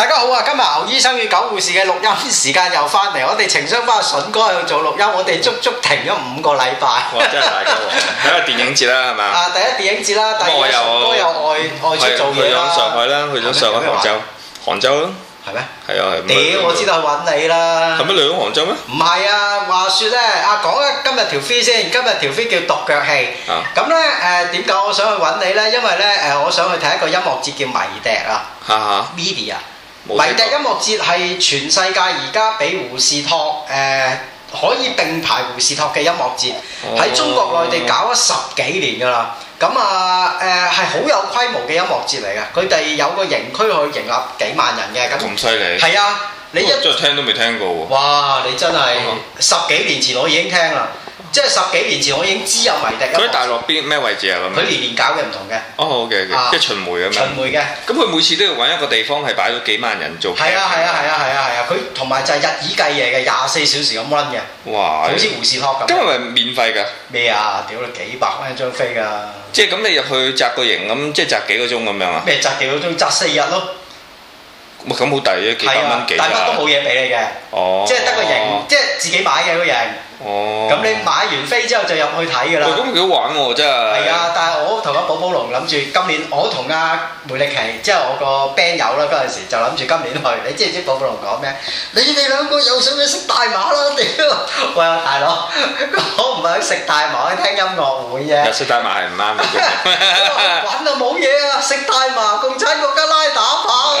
大家好啊！今日牛醫生與狗護士嘅錄音時間又翻嚟，我哋情商返阿順哥去做錄音，我哋足足停咗五個禮拜。我真係大嘅喎，睇下電影節啦，係咪？啊，第一電影節啦，第二順哥又外外出做嘢啦。去咗上海啦，去咗上海、杭州，杭州咯，係咩？係啊，係。屌，我知道去揾你啦。係咪你咗杭州咩？唔係啊，話説咧，啊，講今日條飛先，今日條飛叫獨腳戲。啊，咁咧誒點解我想去揾你咧？因為咧誒，我想去睇一個音樂節叫迷笛啊。啊啊，MIDI 啊！迷笛音樂節係全世界而家比胡士托誒、呃、可以並排胡士托嘅音樂節，喺、哦、中國內地搞咗十幾年㗎啦。咁啊誒係好有規模嘅音樂節嚟㗎，佢哋有個營區去營納幾萬人嘅，咁咁犀利係啊！你一再聽都未聽過喎！哇！你真係十幾年前我已經聽啦。即係十幾年前，我已經知有迷笛啦。佢喺大陸邊咩位置啊？咁佢年年搞嘅唔同嘅。哦，好嘅，嘅，即係巡迴啊嘛。巡迴嘅。咁佢每次都要揾一個地方係擺咗幾萬人做。係啊，係啊，係啊，係啊，係啊！佢同埋就係日以繼夜嘅，廿四小時咁 run 嘅。哇！好似胡士托咁。咁係咪免費㗎？咩啊？屌你幾百蚊一張飛㗎。即係咁，你入去紮個營咁，即係紮幾個鐘咁樣啊？咩？紮幾個鐘？紮四日咯。咪咁好抵嘅幾百蚊幾？但乜都冇嘢俾你嘅。哦。即係得個營。自己買嘅個型，哦！咁你買完飛之後就入去睇㗎啦。咁幾好玩喎，真係。係啊，但係我同阿寶寶龍諗住今年，我同阿梅力奇，即係我 band 個 band 友啦嗰陣時，就諗住今年去。你知唔知寶寶龍講咩？你哋兩個又想去食大麻啦？屌！ 喂，啊大佬，我唔係去食大麻，去聽音樂會啫。食大麻係唔啱。玩就冇嘢啊！食 大麻，共產國家拉打，打。打啊啊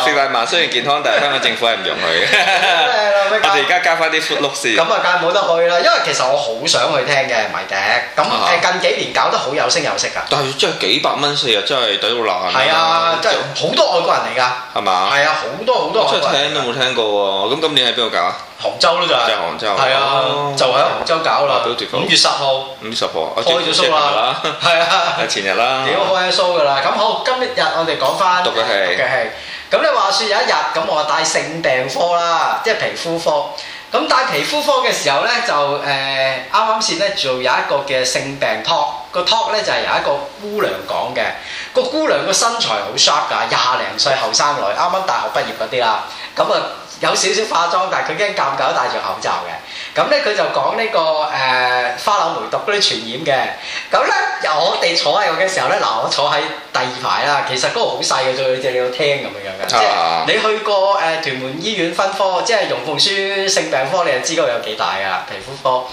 啊！四百萬雖然健康，但係香港政府係唔容許嘅。 我哋而家加翻啲闊碌線。咁啊，梗係冇得去啦，因為其實我好想去聽嘅迷笛。咁誒，近幾年搞得好有聲有色㗎、啊。但係真係幾百蚊四日真係抵到爛。係啊，真係好、啊啊、多外國人嚟㗎。係嘛吧？係啊，好多好多外國人。真係聽都冇聽過喎。咁今年喺邊度搞啊？杭州咯就係、是，係啊，就喺杭州搞啦。五月十號，五月十號開咗 show 啦，係啊，前日啦。屌、啊、開咗 show 㗎啦，咁好，今日我哋講翻獨腳戲，咁你話説有一日，咁我帶性病科啦，即係皮膚科。咁帶皮膚科嘅時候咧，就誒啱啱先咧做有一個嘅性病 talk，個 talk 咧就係由一個姑娘講嘅。個姑娘個身材好 sharp 㗎，廿零歲後生女，啱啱大學畢業嗰啲啦，咁啊。有少少化妝，但係佢驚尷尬，戴住口罩嘅。咁咧佢就講呢、這個誒、呃、花柳梅毒嗰啲傳染嘅。咁咧，由我哋坐喺度嘅時候咧，嗱，我坐喺第二排啦。其實嗰個好細嘅啫，你要聽咁樣嘅。啊、即係你去過誒、呃、屯門醫院分科，即係容鳳書性病科，你就知嗰個有幾大噶啦，皮膚科。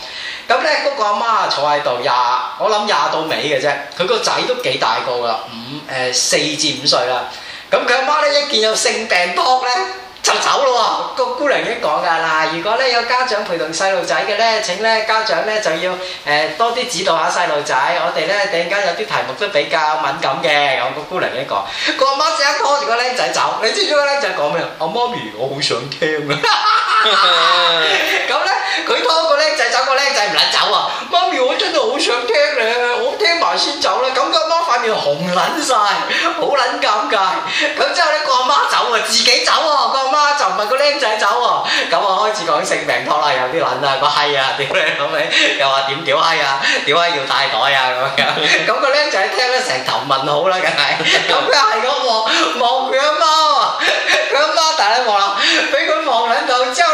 咁咧嗰個阿媽坐喺度廿，20，我諗廿到尾嘅啫。佢個仔都幾大個啦，五誒四至五歲啦。咁佢阿媽咧一見有性病呢，搏咧。走咯喎，個姑娘已經講㗎喇。如果咧有家長陪同細路仔嘅咧，請咧家長咧就要誒、呃、多啲指導下細路仔。我哋咧突然間有啲題目都比較敏感嘅，我個姑娘已經講。個阿媽即刻拖住個僆仔走，你知唔知、個僆仔講咩？我媽、啊、咪，我好想聽啊！咁、啊、呢，佢拖個僆仔走，個僆仔唔撚走啊！媽咪，我真係好想聽你，我聽埋先走啦。咁個媽塊面紅撚晒，好撚尷尬。咁之後呢，個阿媽走啊，自己走，走啊，個阿媽就唔係個僆仔走啊。咁我開始講姓名拖拉有啲撚啊，個閪啊，屌你老味，又話點屌閪啊，屌閪要帶袋啊咁樣。咁個僆仔聽得成頭問好啦，梗係。咁佢係咁望望佢阿媽啊，佢阿媽大一望啦，俾佢望撚夠之後。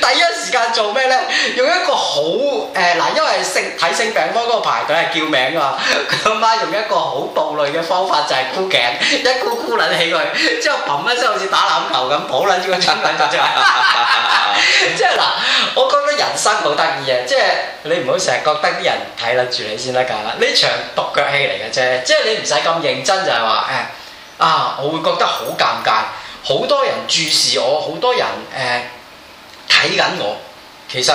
第一時間做咩呢？用一個好誒嗱，因為性睇性病科嗰個排隊係叫名啊。佢阿媽用一個好暴戾嘅方法就係、是、箍頸，一箍箍撚起佢，之後砰一聲好似打籃球咁抱撚住個親緊㗎啫，即係嗱、呃，我覺得人生好得意啊！即係你唔好成日覺得啲人睇撚住你先得㗎，呢場獨腳戲嚟嘅啫，即係你唔使咁認真就係話誒啊，我會覺得好尷尬，好多人注視我，好多人誒。呃睇緊我，其實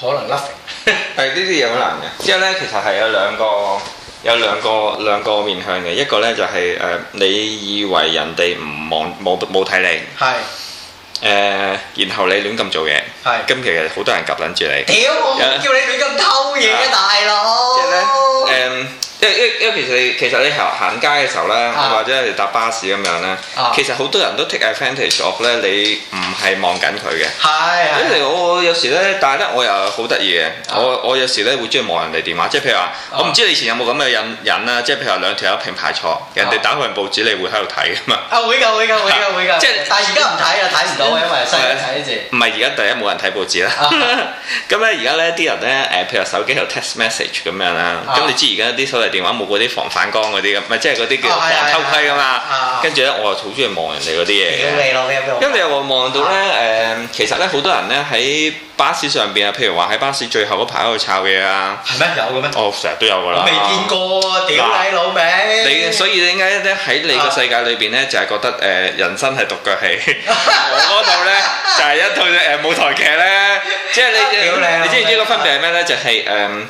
可能甩肥。係呢啲嘢好難嘅。之後呢，其實係有兩個 Okay. 有兩個兩個面向嘅。一個呢，就係、是、誒、呃，你以為人哋唔望冇冇睇你。係是。誒、呃，然後你亂咁做嘢。係是。咁其實好多人 𥄫 撚住你。屌哪！后叫你亂咁偷嘢啊，是大佬哥。誒。呃嗯因為因為其實你其實你行行街嘅時候咧，或者你搭巴士咁樣咧，其實好多人都 take advantage of 咧，你唔係望緊佢嘅。係啊，因為我有時咧，但係咧我又好得意嘅。我我有時咧會中意望人哋電話，即係譬如話我唔知你以前有冇咁嘅癮癮啦。即係譬如話兩條友平排坐，人哋打開份報紙你會喺度睇㗎嘛？啊會噶會噶會噶會噶。即係但係而家唔睇啦，睇唔到因為西人睇字。唔係而家第一冇人睇報紙啦。咁咧而家咧啲人咧誒譬如話手機有 text message 咁樣啦。咁你知而家啲所謂。電話冇嗰啲防反光嗰啲咁，唔係即係嗰啲叫防偷窺噶嘛。跟住咧，我又好中意望人哋嗰啲嘢嘅。屌你老味！因為我望到咧，誒，其實咧，好多人咧喺巴士上邊啊，譬如話喺巴士最後嗰排喺度抄嘢啊。係咩？有嘅咩？我成日都有㗎啦。我未見過，屌你老味！你所以點解咧？喺你嘅世界裏邊咧，就係覺得誒人生係獨腳戲。我嗰套咧就係一套誒舞台劇咧，即係你你知唔知個分別係咩咧？就係誒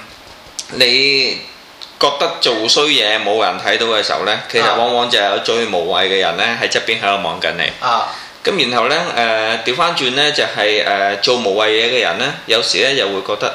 你。覺得做衰嘢冇人睇到嘅時候呢，其實往往就有最無謂嘅人呢喺側邊喺度望緊你。咁、啊、然後呢，誒調翻轉呢，就係、是、誒、呃、做無謂嘢嘅人呢，有時呢又會覺得、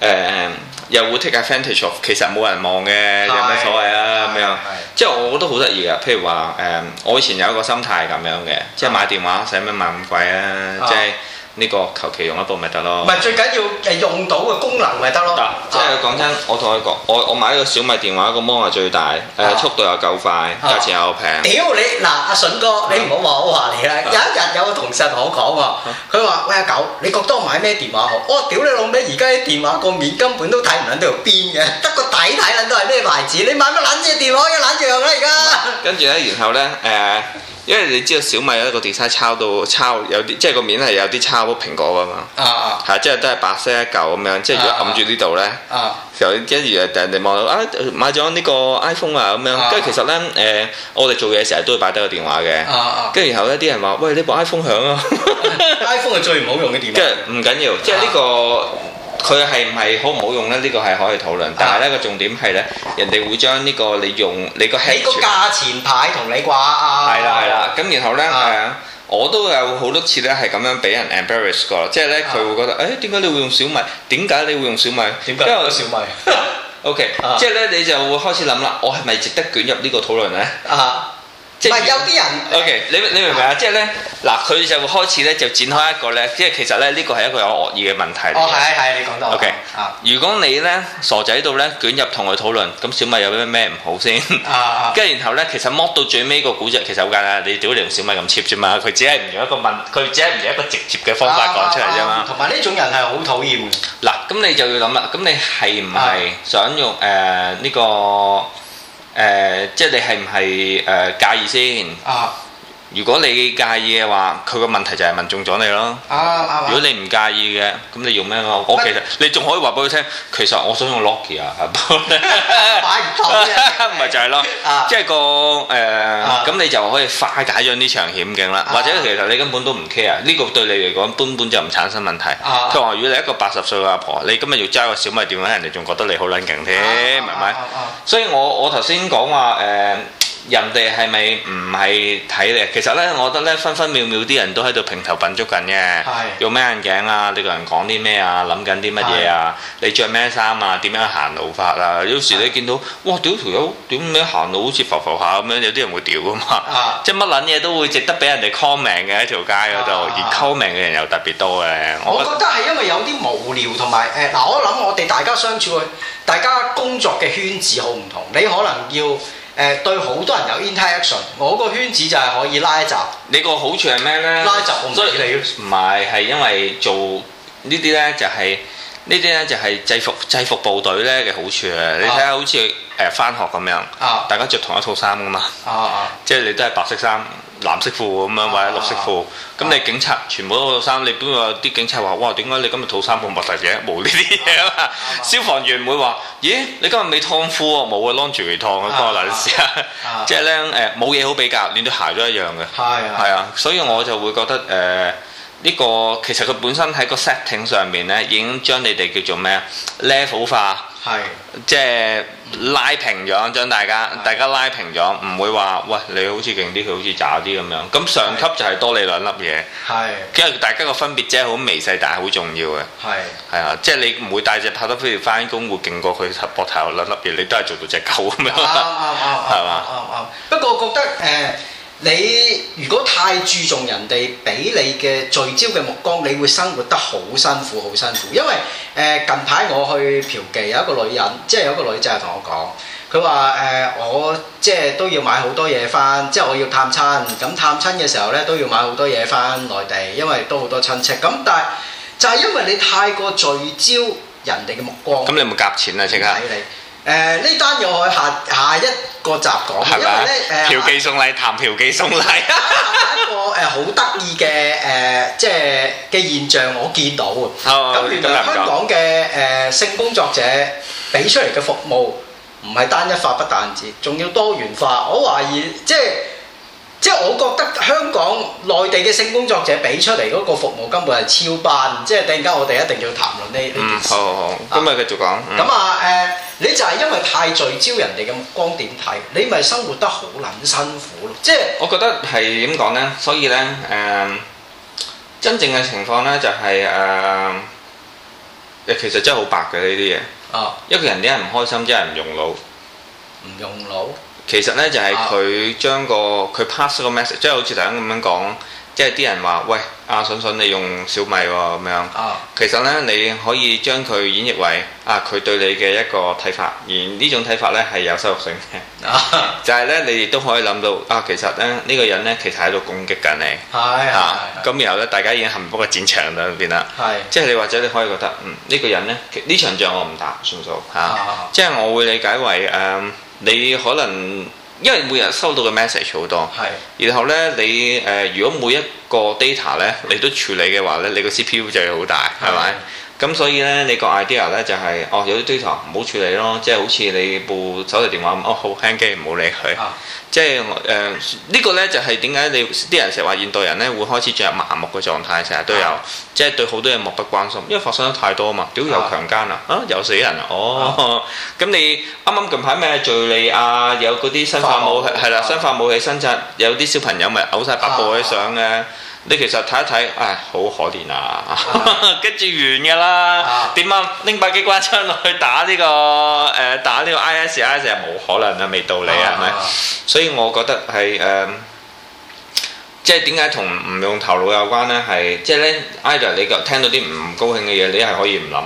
呃、又會 take advantage of，其實冇人望嘅，是有咩所謂啊？咁是樣，即係我覺得好得意嘅。譬如話誒、呃，我以前有一個心態咁樣嘅，即係買電話使乜買咁貴啊？啊即係。呢個求其用一部咪得咯，唔係最緊要係用到嘅功能咪得咯，即係講真，我同佢講，我我買呢個小米電話個芒係最大，速度又夠快，價錢又平。屌你，嗱，阿順哥，你唔好話我話你啦，有一日有個同事同我講喎，佢話，喂，阿九，你覺得我買咩電話好？我屌你老味，而家啲電話個面根本都睇唔撚到邊嘅，得個底睇撚都係咩牌子，你買乜撚嘢電話有撚用啊而家？跟住咧，然後咧，誒。因為你知道小米有一個 design 抄到抄有啲，即係個面係有啲抄咗蘋果㗎嘛，係、啊啊、即係都係白色一嚿咁、啊啊啊啊、樣，即係如果揞住呢度咧，就跟住人哋望到啊買咗呢個 iPhone 啊咁樣，跟住其實咧誒、呃，我哋做嘢成日都會擺低個電話嘅，跟住、啊啊、然後咧啲人話喂呢部 iPhone 響啊 ，iPhone 係最唔好用嘅電話，即係唔緊要，即係呢、呢個。啊啊佢係唔係好唔好用咧？呢個係可以討論，但係咧個重點係咧，人哋會將呢個你用你個，你個價錢牌同你掛啊！係啦係啦，咁然後咧、啊，我都有好多次咧係咁樣俾人 embarrass 過，即係咧佢會覺得，誒點解你會用小米？點解你會用小米？點解因為用小米。OK，即係咧你就會開始諗啦，我係咪值得捲入呢個討論咧？啊！唔係有啲人，OK，你你明唔明啊？即係咧，嗱，佢就開始咧就展開一個咧，即係其實咧呢個係一個有惡意嘅問題。哦，係係，你講得，OK，啊，如果你咧傻仔度咧捲入同佢討論，咁小米有咩咩唔好先？啊啊，跟住然後咧，其實剝到最尾個估值其實好簡單，你屌你用小米咁 cheap 啫嘛，佢只係唔用一個問，佢只係唔用一個直接嘅方法講出嚟啫嘛。同埋呢種人係好討厭。嗱，咁你就要諗啦，咁你係唔係想用誒呢個？誒、呃，即係你係唔係？誒、呃，介意先？啊。如果你介意嘅話，佢個問題就係問中咗你咯。如果你唔介意嘅，咁你用咩咯？我其實你仲可以話俾佢聽，其實我想用 Logitech，買唔到啫，唔係就係咯。即係個誒，咁你就可以化解咗呢場險境啦。或者其實你根本都唔 care，呢個對你嚟講根本就唔產生問題。佢譬如話，如果你一個八十歲嘅阿婆，你今日要揸個小米電話，人哋仲覺得你好撚勁添，唔係咪？所以我我頭先講話誒。人哋係咪唔係睇你？其實咧，我覺得咧，分分秒秒啲人都喺度平頭品足緊嘅。的用咩眼鏡啊？你個人講啲咩啊？諗緊啲乜嘢啊？的你着咩衫啊？點樣行路法啊？有時你見到，的哇！屌條友點樣行路好似浮浮下咁樣，有啲人會屌㗎嘛。的即係乜撚嘢都會值得俾人哋 comment 嘅喺條街嗰度，的而 comment 嘅人又特別多嘅。的我覺得係因為有啲無聊同埋誒，嗱、呃呃，我諗我哋大，大家相處，大家工作嘅圈子好唔同，你可能要。誒、呃、對好多人有 interaction，我個圈子就係可以拉集。你個好處係咩呢？拉集我唔理你。唔係，係因為做呢啲咧就係、是、呢啲咧就係、是、制服制服部隊呢嘅好處啊！你睇下好似誒返學咁樣，啊、大家着同一套衫啊嘛，啊啊即係你都係白色衫。藍色褲咁樣或者綠色褲，咁你警察全部都套衫，你邊有啲警察話哇，點解你今日套衫咁邋遢嘅？冇呢啲嘢啊嘛！消防員會話，咦，你今日未燙褲啊？冇啊，攏住嚟燙啊，幫我嚟試下。即係咧誒，冇嘢好比較，連對鞋都一樣嘅，係啊，係啊，所以我就會覺得誒呢個其實佢本身喺個 setting 上面咧，已經將你哋叫做咩啊 level 化。係，是即係拉平咗，將大家是大家拉平咗，唔會話，喂，你好似勁啲，佢好似渣啲咁樣。咁上級就係多你兩粒嘢，係是，因為大家個分別只係好微細，但係好重要嘅。係是，係啊，即係你唔會帶隻拍得飛條翻工，會勁過佢膊頭兩粒嘢，你都係做到隻狗咁樣，係嘛、？ 啊？啊啊啊！不過我覺得誒。啊啊啊啊啊你如果太注重人哋俾你嘅聚焦嘅目光，你會生活得好辛苦，好辛苦。因為誒、呃、近排我去嫖妓，有一個女人，即係有一個女仔係同我講，佢話誒我即係都要買好多嘢返，即係我要探親，咁探親嘅時候呢都要買好多嘢返內地，因為都好多親戚。咁但係就係、是、因為你太過聚焦人哋嘅目光，咁你有冇夾錢呀？即係。誒呢單嘢我下下一個集講，吧因為咧誒，嫖妓送禮談嫖妓送禮，送禮 一個誒、uh, 好得意嘅誒即係嘅現象，我見到嘅。咁原來香港嘅誒、uh, 性工作者俾出嚟嘅服務唔係單一化不單止，仲要多元化。我懷疑即係即係，就是 uh. 我覺得香港內地嘅性工作者俾出嚟嗰個服務根本係超班。即係突然間，我哋一定要談論呢呢件事。好，好好，今日繼續講。咁啊誒。嗯你就係因為太聚焦人哋嘅目光點睇，你咪生活得好撚辛苦咯。即係我覺得係點講呢？所以呢，誒、呃，真正嘅情況呢、就係，就係誒，其實真係好白嘅呢啲嘢。哦，啊、一個人點解唔開心？即係唔用腦，唔用腦。其實呢，就係、係、佢將個佢 pass 個 message，即係好似頭先咁樣講。即係啲人話，喂，阿信信你用小米喎，咁樣。啊，其實咧，你可以將佢演繹為啊，佢對你嘅一個睇法，而呢種睇法咧係有收入性嘅。就係咧，你亦都可以諗到啊，其實咧呢個人咧其實喺度攻擊緊你。係。嚇。咁然後咧，大家已經陷入個戰場裏邊啦。係。即係你或者你可以覺得，嗯，呢個人咧，呢場仗我唔打算數嚇。即係我會理解為誒，你可能。因為每日收到嘅 message 好多，的然後咧你誒、呃、如果每一個 data 咧你都處理嘅話咧，你個 CPU 就要好大，係咪的？咁所以咧，你個 idea 咧就係，哦，有啲 data 唔好處理咯，即係好似你部手提電話哦，好輕機唔好理佢。即係誒，呢個咧就係點解你啲人成日話現代人咧會開始進入麻木嘅狀態，成日都有，即係對好多嘢漠不關心，因為發生得太多啊嘛。屌又強奸啦，啊又死人啦，哦。咁你啱啱近排咩？敘利亞有嗰啲生化武器，係啦，生化武器新圳有啲小朋友咪嘔晒白布喺上嘅。你其實睇一睇，唉，好可憐啊，跟住完㗎啦。點啊，拎把、 啊、機關槍落去打呢、呢個誒、呃，打呢個 ISIS 係冇可能啊，未到你啊，係咪吧？啊、所以我覺得係誒、呃，即係點解同唔用頭腦有關呢？係即係呢，Ada，你個聽到啲唔高興嘅嘢，你係可以唔諗。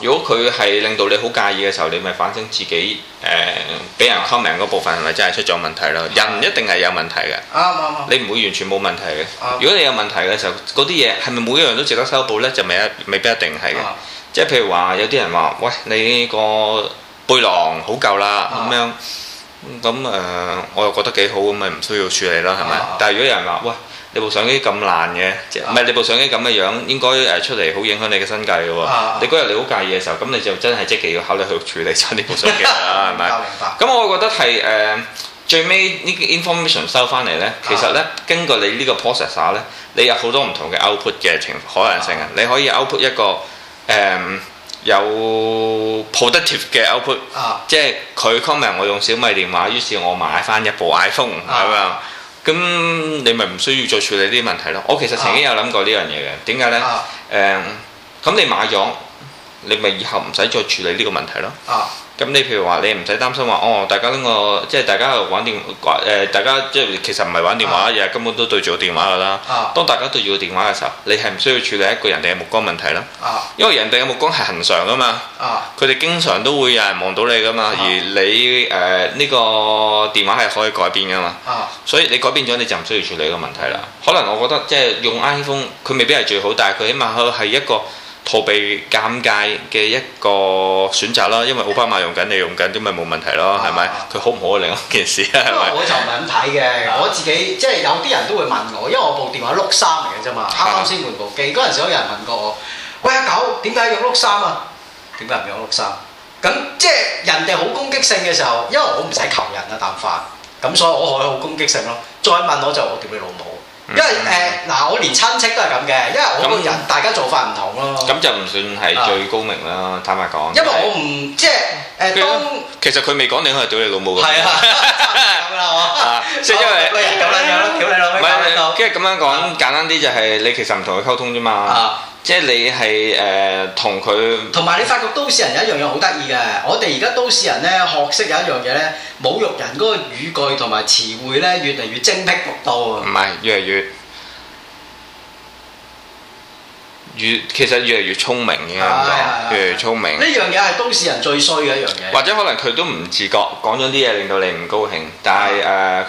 如果佢係令到你好介意嘅時候，你咪反省自己，誒、呃、俾人 comment 嗰部分係咪真係出咗問題咯？的人一定係有問題嘅，啊嘛你唔會完全冇問題嘅。啊、如果你有問題嘅時候，嗰啲嘢係咪每一樣都值得修補呢？就未一未必一定係嘅。啊、即係譬如話，有啲人話：，喂，你個背囊好夠啦，咁、啊、樣，咁誒、呃，我又覺得幾好，咁咪唔需要處理啦，係咪？啊、但係如果有人話：，喂。你部相機咁爛嘅，唔係、嗯、你部相機咁嘅樣，應該誒出嚟好影響你嘅身價嘅喎。啊、你嗰日你好介意嘅時候，咁你就真係積極要考慮去處理晒呢部相機啦，係咪？ 咁白我覺得係誒、呃、最尾呢個 information 收翻嚟呢，其實呢，經過、啊、你呢個 process 咧，你有好多唔同嘅 output 嘅情可能性啊。你可以 output 一個誒、呃、有 positive 嘅 output，即係佢 comment 我用小米電話，於是，我買翻一部 iPhone 係咪、啊啊 咁你咪唔需要再處理呢啲問題咯。我其實曾經有諗過呢樣嘢嘅，點解、啊、呢？咁、啊、你買咗，你咪以後唔使再處理呢個問題咯。啊咁你譬如話，你唔使擔心話，哦，大家呢、呢個即係大家玩電誒、呃，大家即係其實唔係玩電話，日日、啊、根本都對住個電話噶啦。啊、當大家對住個電話嘅時候，你係唔需要處理一個人哋嘅目光問題啦。啊、因為人哋嘅目光係恒常噶嘛，佢哋、啊、經常都會有人望到你噶嘛，啊、而你誒呢、呃呢個電話係可以改變噶嘛。啊、所以你改變咗，你就唔需要處理個問題啦。嗯、可能我覺得即係用 iPhone，佢未必係最好，但係佢起碼佢係一個逃避尷尬嘅一個選擇啦，因為奧巴馬用緊，你用緊，啲咪冇問題咯，係咪、啊？佢好唔好係另一件事啦，係咪？因為我就唔係咁睇嘅，的我自己即係有啲人都會問我，因為我部電話碌三嚟嘅啫嘛，啱啱先換部機，嗰陣時有人問過我，喂阿九，點解用碌三啊？點解唔用碌三？咁即係人哋好攻擊性嘅時候，因為我唔使求人啊，啖飯，咁所以我可以好攻擊性咯。再問我就我叫你老母。因為誒嗱、嗯呃，我連親戚都係咁嘅，因為我個人、嗯、大家做法唔同咯、啊。咁就唔算係最高明啦，啊、坦白講。因為我唔的即係誒、呃、然其實佢未講，定佢係屌你老母咁。啊的。咁啦，我。即係因為咁樣樣咯，屌你老味！唔係，即係咁樣講 簡單啲，就係你其實唔同佢溝通啫嘛。 即係你係誒同佢，同、呃、埋你發覺都市人有一樣嘢好得意嘅。我哋而家都市人咧學識有一樣嘢咧，侮辱人嗰個語句同埋詞彙咧越嚟越精闢、獨到，唔係越嚟越。越其實越嚟越聰明嘅，越嚟越聰明。呢樣嘢係都市人最衰嘅一樣嘢。或者可能佢都唔自覺講咗啲嘢令到你唔高興，但係誒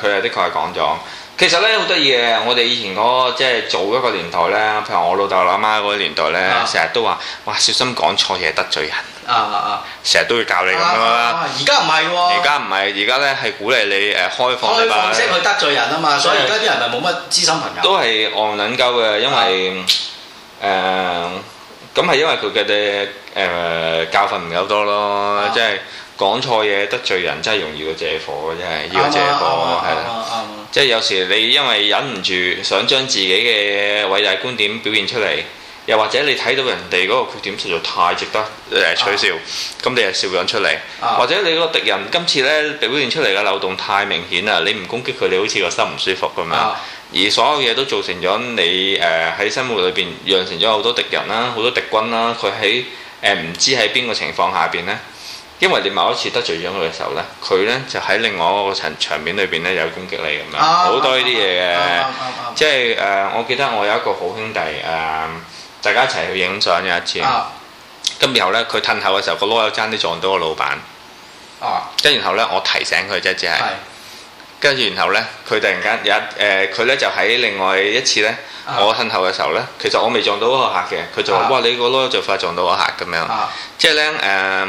佢又的確係講咗。其實咧好得意嘅，我哋以前嗰即係早一個年代咧，譬如我老豆老媽嗰個年代咧，成日都話：哇小心講錯嘢得罪人。啊啊啊！成日都會教你咁樣。而家唔係喎。而家唔係，而家咧係鼓勵你誒開放嚟唔識去得罪人啊嘛，所以而家啲人咪冇乜知心朋友。都係戇撚鳩嘅，因為。誒，咁係、嗯、因為佢嘅誒教訓唔夠多咯，即係講錯嘢得罪人，真係容易過借火嘅，真係呢個借火係即係有時你因為忍唔住，想將自己嘅偉大觀點表現出嚟，又或者你睇到人哋嗰個缺點實在太值得取笑，咁、uh huh. 你就笑講出嚟，uh huh. 或者你嗰個敵人今次咧表現出嚟嘅漏洞太明顯啦，你唔攻擊佢，你好似個心唔舒服咁樣。Uh huh. 而所有嘢都做成咗你誒喺、呃、生活裏邊養成咗好多敵人啦，好多敵軍啦。佢喺誒唔知喺邊個情況下邊呢？因為你某一次得罪咗佢嘅時候呢，佢呢就喺另外一個場面裏邊呢，有攻擊你咁樣。好、啊、多呢啲嘢嘅，即係誒，我記得我有一個好兄弟誒、呃，大家一齊去影相有一次，咁然後呢，佢褪後嘅時候，個籮柚爭啲撞到個老闆，即、啊、然後呢，我提醒佢啫，只係。哎跟住然後呢，佢突然間有誒，佢、呃、呢就喺另外一次呢，uh huh. 我親頭嘅時候呢，其實我未撞到嗰個客嘅，佢就話：uh huh. 哇！你個攞就快撞到個客咁樣，uh huh. 即係呢，誒、呃，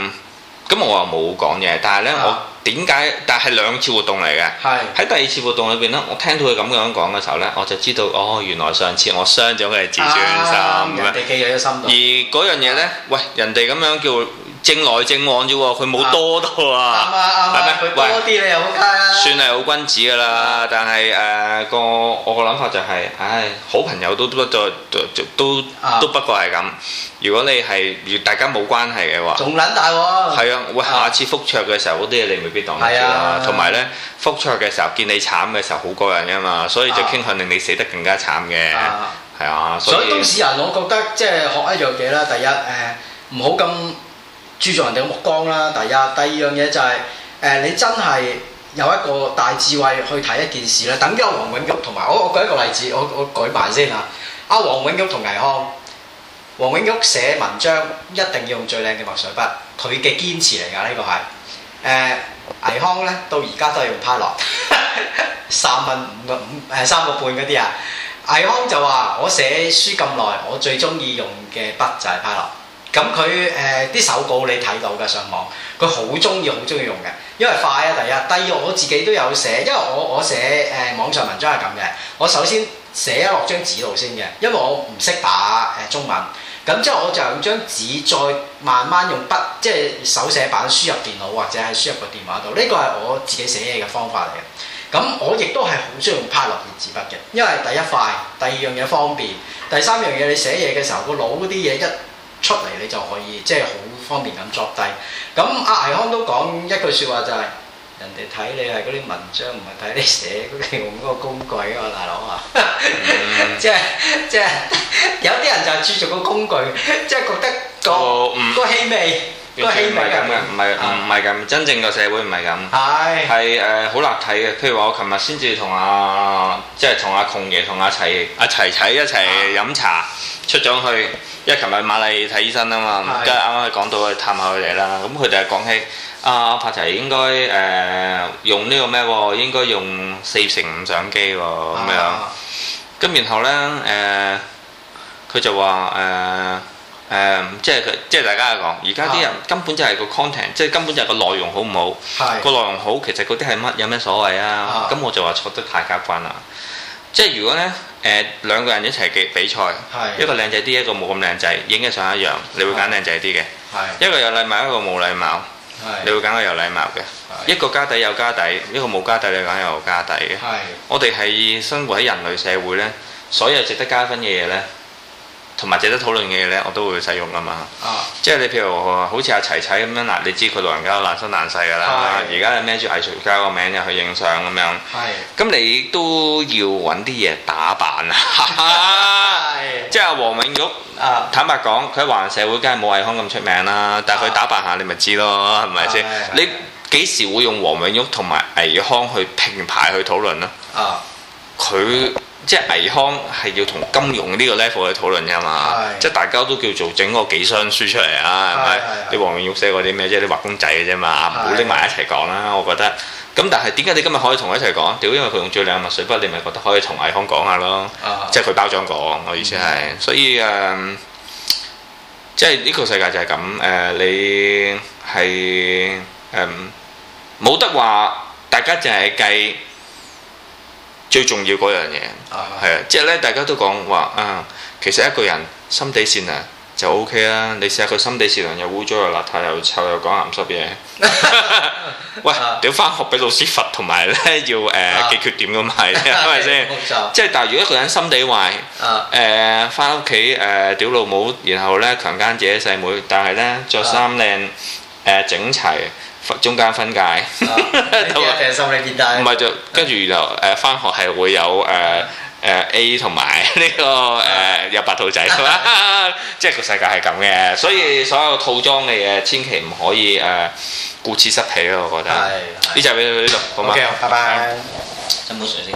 咁我又話冇講嘢，但係呢，uh huh. 我點解？但係兩次活動嚟嘅，喺、uh huh. 第二次活動裏邊呢，我聽到佢咁樣講嘅時候呢，我就知道，哦，原來上次我傷咗佢嘅自尊、uh huh. 心，而嗰樣嘢呢，喂，人哋咁樣叫。正來正往啫喎，佢冇多到啊！啱啊啱喂，多啲你又好，算係好君子㗎啦，但係誒個我個諗法就係，唉，好朋友都都再都都不過係咁。如果你係如大家冇關係嘅話，仲撚大喎。係啊，會下次覆桌嘅時候嗰啲嘢你未必當住啊。同埋咧覆桌嘅時候見你慘嘅時候好過癮㗎嘛，所以就傾向令你死得更加慘嘅。係啊，所以。所以都市人，我覺得即係學一樣嘢啦。第一誒，唔好咁，注重人哋嘅目光啦，第一，第二樣嘢就係、是、誒、呃，你真係有一個大智慧去睇一件事咧。等於阿黃永玉同埋我，我舉一個例子，我我舉埋先啊。阿黃永玉同倪匡，黃永玉寫文章一定要用最靚嘅墨水筆，佢嘅堅持嚟㗎、這個呃、呢個係誒。倪匡咧到而家都係用派樂 三蚊五個五誒三個半嗰啲啊。倪匡就話：我寫書咁耐，我最中意用嘅筆就係派樂。咁佢誒啲手稿你睇到㗎上網，佢好中意好中意用嘅，因為快啊，第一，第二我自己都有寫，因為我我寫誒、呃、網上文章係咁嘅，我首先寫落張紙度先嘅，因為我唔識打誒中文，咁、嗯、之後我就用張紙再慢慢用筆，即係手寫板輸入電腦或者喺輸入個電話度，呢、這個係我自己寫嘢嘅方法嚟嘅。咁、嗯、我亦都係好中意用拍落頁紙筆嘅，因為第一快，第二樣嘢方便，第三樣嘢你寫嘢嘅時候個腦嗰啲嘢一。出嚟你就可以即係好方便咁作低。咁阿倪康都講一句説話就係，是，人哋睇你係嗰啲文章，唔係睇你寫嗰條嗰個工具啊，大佬啊、 嗯， 即係即係有啲人就係注重個工具，即係覺得個、哦嗯、個氣味。唔係咁嘅，唔係唔唔係咁，嗯、真正嘅社會唔係咁，係係誒好立體嘅。譬如話、啊，我琴日先至同阿即係同阿窮爺同阿齊阿齊齊一齊飲茶出咗去，因為琴日瑪麗睇醫生啊嘛，咁啱啱講到去探下佢哋啦。咁佢哋係講起阿柏齊應該誒、呃、用呢個咩喎？應該用四乘五相機喎咁樣。咁的然後咧誒，佢、呃、就話誒。呃誒，即係佢，即、就、係、是、大家講，而家啲人根本就係個 content，即係是根本就係個內容好唔好？是個內容好，其實嗰啲係乜有咩所謂啊？咁是我就話錯得太交關啦。即、就、係、是、如果呢誒、呃、兩個人一齊嘅比賽，是一個靚仔啲，一個冇咁靚仔，影嘅相一樣，你會揀靚仔啲嘅。一個有禮貌，一個冇禮貌，你會揀個有禮貌嘅。是一個家底有家底，一個冇家底，你揀有家底嘅。是我哋係生活喺人類社會呢，所有值得加分嘅嘢呢。同埋值得討論嘅嘢咧，我都會使用㗎嘛。Uh. 即係你譬如好似阿齊齊咁樣，嗱，你知佢老人家爛身爛世㗎啦。而家又孭住藝術家個名入去影相咁樣。係。咁你都要搵啲嘢打扮啊。係。 即係黃永玉。啊。Uh. 坦白講，佢喺華人社會梗係冇倪匡咁出名啦。但係佢打扮下你，對對 uh. Uh. 你咪知咯，係咪先？你幾時會用黃永玉同埋倪匡去評牌去討論咧？啊。佢。即係倪匡係要同金庸呢個 level 去討論㗎嘛，是的 即係大家都叫做整個幾箱書出嚟啊，係咪是的 吧？啲黃永玉寫嗰啲咩，即係啲畫公仔嘅啫嘛，唔好拎埋一齊講啦，我覺得。咁但係點解你今日可以同我一齊講？屌，因為佢用最靚墨水筆，不你咪覺得可以同倪匡講下咯，啊、即係佢包裝講。我意思係，嗯、所以誒、嗯，即係呢個世界就係咁誒，你係誒冇得話，大家淨係計。最重要嗰樣嘢，係啊、uh huh.，即係咧大家都講話啊，其實一個人心地善良就 O、OK、K 啦。你寫佢心地善良又污糟又邋遢又臭又講鹹濕嘢，喂，屌翻、uh huh. 學俾老師罰，同埋咧要誒記缺點咁係，係咪先？即係但係如果一個人心地壞，誒翻屋企誒屌老母，然後咧強姦自己細妹，但係咧着衫靚誒整齊。整齊中間分界、啊，唔係就跟住 就誒翻、呃、學係會有誒誒、呃呃、A 同埋呢個誒、呃、有白兔仔， 即係、這個世界係咁嘅，所以所有套裝嘅嘢千祈唔可以誒顧此失彼咯，我覺得。係。呢集俾你去呢度，好 k 拜拜。真冇信心。